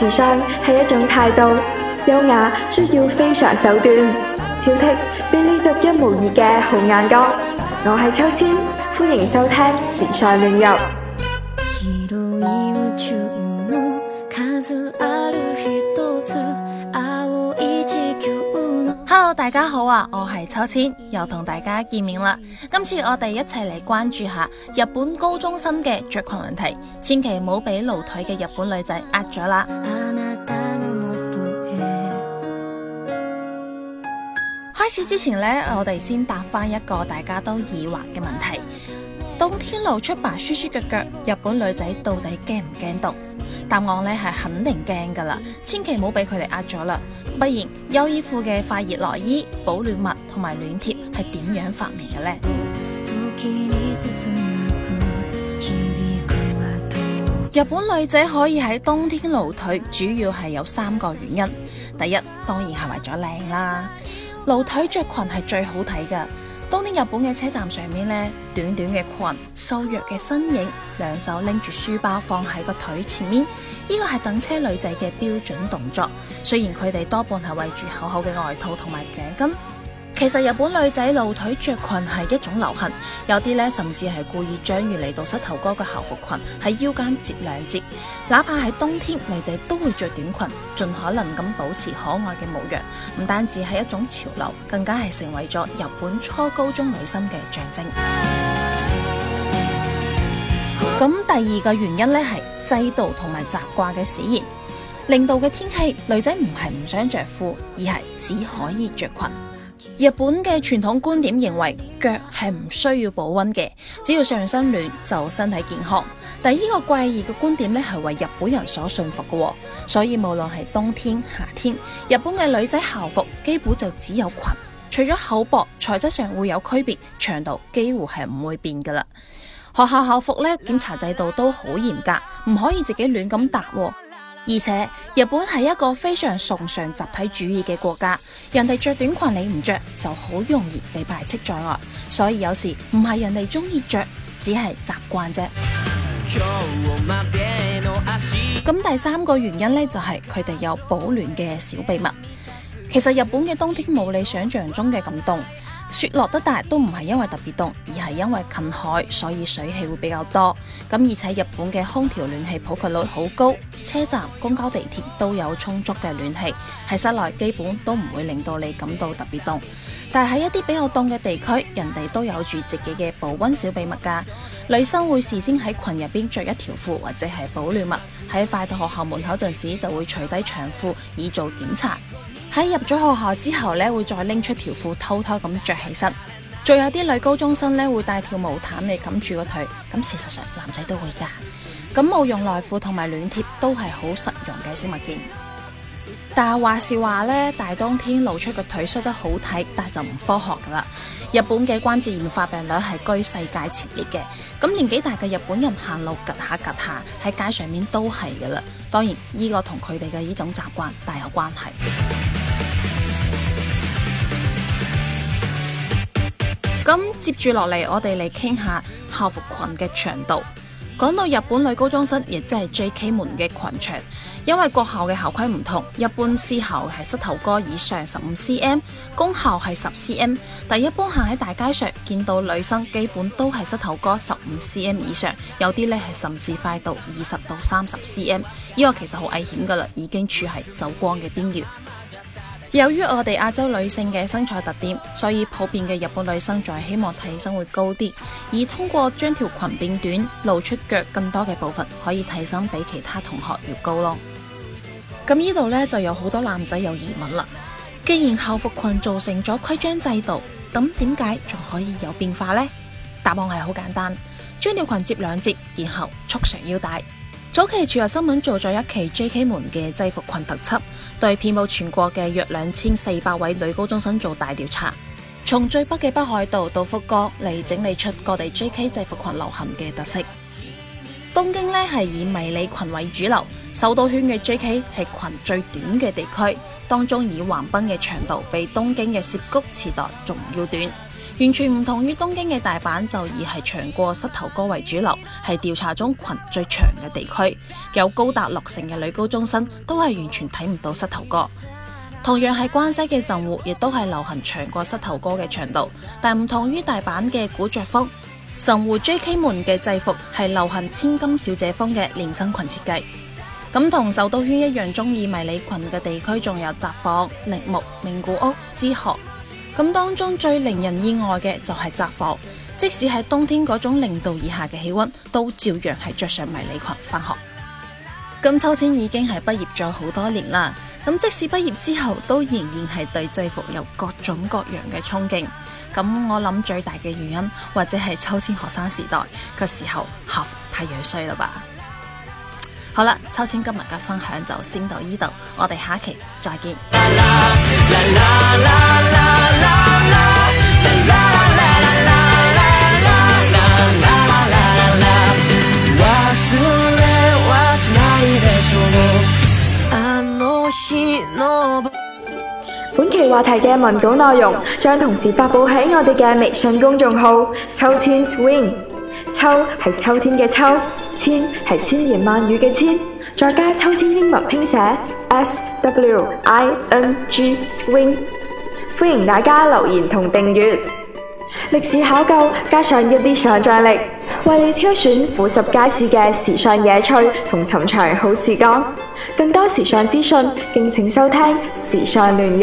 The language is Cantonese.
時尚係一種態度，優雅需要非常手段，挑剔俾你獨一無二嘅好眼光。我係秋千，歡迎收聽《時尚領域》。 Hello，大家好啊，我係秋千，又同大家見面啦。今次我哋一齊嚟關注下日本高中生嘅着裙問題，千祈唔好俾露腿嘅日本女仔呃咗啦。 開始之前呢，我哋先答返一個大家都疑惑嘅問題：冬天露出白雪雪腳腳，日本女仔到底驚唔驚凍？答案呢係肯定驚噶啦，千祈唔好俾佢哋呃咗啦，不然優衣庫嘅快熱內衣、保暖襪同埋暖貼係點樣發明嘅呢？ 日本女仔可以喺冬天露腿，主要係有三個原因。第一，當然係為咗靚啦，露腿着裙係最好睇噶。當天日本嘅車站上面咧，短短嘅裙、瘦弱嘅身影，兩手拎住書包放喺個腿前面，呢、這個係等車女仔嘅標準動作。雖然佢哋多半係圍住厚厚嘅外套同埋頸巾。其實日本女仔露腿着裙係一種流行，有啲呢甚至係故意將原嚟到膝頭哥嘅校服裙喺腰間折兩折。哪怕喺冬天，女仔都會着短裙，盡可能咁保持可愛嘅模樣。唔單止係一種潮流，更加係成為咗日本初高中女生嘅象徵。咁 第二個原因呢係制度同埋習慣嘅使然，零度嘅天氣，女仔唔係唔想着褲，而係只可以着裙。日本嘅傳統觀點認為腳係唔需要保温嘅，只要上身暖就身體健康。但依個怪異嘅觀點咧，係為日本人所信服嘅。哦,所以無論係冬天、夏天，日本嘅女仔校服基本就只有裙，除咗厚薄、材質上會有區別，長度幾乎係唔會變噶啦。學校校服咧檢查制度都好嚴格，唔可以自己亂咁搭喎。而且日本係一個非常崇尚集體主義嘅國家，人哋着短裙你唔着，就好容易被排斥在外，所以有時唔係人哋中意着，只係習慣啫。咁 第三個原因呢，就係佢哋有保暖嘅小秘密。其實日本嘅冬天冇你想象中嘅咁凍。雪落得大都唔係因為特別凍，而係因為近海，所以水汽會比較多。咁而且日本嘅空調暖氣普及率好高，車站、公交、地鐵都有充足嘅暖氣，喺室內基本都唔會令到你感到特別凍。但係喺一啲比較凍嘅地區，人哋都有住自己嘅保溫小秘密噶。女生會事先喺裙入邊着一條褲或者係保暖襪，喺快到學校門口陣時就會除低長褲以做檢查。喺入咗學校之後呢，會再拎出條褲偷偷咁着起身。仲有啲女高中生呢，會帶條毛毯嚟，冚住個腿。咁事實上男仔都會噶。咁冇用內褲同埋暖貼都係好實用嘅小物件。但係話是話呢，大冬天露出個腿雖則好睇，但係就唔科學噶啦。日本嘅關節炎發病率係居世界前列嘅。咁年紀大嘅日本人行路趷下趷下喺街上面都係噶啦。當然，呢個同佢哋嘅呢種習慣大有關係。咁接住落嚟，我哋嚟傾下校服裙嘅長度。講到日本女高中生，亦即係 JK 們嘅裙長，因為各校嘅校規唔同。一般私校係膝頭哥以上十五 cm，公校係十 cm。但一般行喺大街上見到女生，基本都係膝頭哥十五 cm 以上，有啲呢係甚至快到二十到三十 cm。呢個其實好危險噶啦，已經處喺走光嘅邊緣。由於我哋亞洲女性嘅身材特點，所以普遍嘅日本女生仲係希望睇起身會高啲，而通過將條裙變短，露出腳更多嘅部分，可以睇身比其他同學要高咯。咁 呢度咧，就有好多男仔有疑問啦，既然校服裙造成咗規章制度，咁點解仲可以有變化呢？答案係好簡單，將條裙摺兩摺，然後束上腰帶。早期《潮流新聞》做咗一期 J.K. 門嘅制服裙特輯，對遍佈全國嘅約兩千四百位女高中生做大調查，從最北嘅北海道到福岡嚟整理出各地 J.K. 制服裙流行嘅特色。東京呢係以迷你裙為主流，首都圈嘅 J.K. 係裙最短嘅地區，當中以橫濱嘅長度比東京嘅涉谷時代仲要短。完全唔同於東京嘅大阪，就以係長過膝頭哥為主流，係調查中裙最長嘅地區，有高達六成嘅女高中生都係完全睇唔到膝頭哥。同樣喺關西嘅神戶，亦都係流行長過膝頭哥嘅長度，但唔同於大阪嘅古着風，神戶 J.K. 們嘅制服係流行千金小姐風嘅連身裙設計。咁同首都圈一樣鍾意迷你裙嘅地區雜房，仲有札幌、名木、名古屋、滋賀。咁當中最令人意外嘅就係雜貨，即使喺冬天嗰種零度以下嘅氣溫，都照樣係着上迷你裙翻學。咁秋千已經係畢業咗好多年啦，咁即使畢業之後都仍然係對制服有各種各樣嘅憧憬。咁我諗最大嘅原因或者係秋千學生時代嘅時候校服太樣衰啦吧。好啦，秋千今日嘅分享就先到呢度，我哋下期再見。 本期話題嘅文稿內容將同時發布喺我哋嘅微信公眾號“秋千 swing”，秋係秋天嘅秋，千係千言萬語嘅千，再加秋千英文拼寫 S W I N G swing，歡迎大家留言同訂閱。歷史考究加上一啲想像力，為你挑選俯拾皆是嘅時尚野趣同尋常好時光。更多時尚資訊，敬請收聽《時尚亂入》。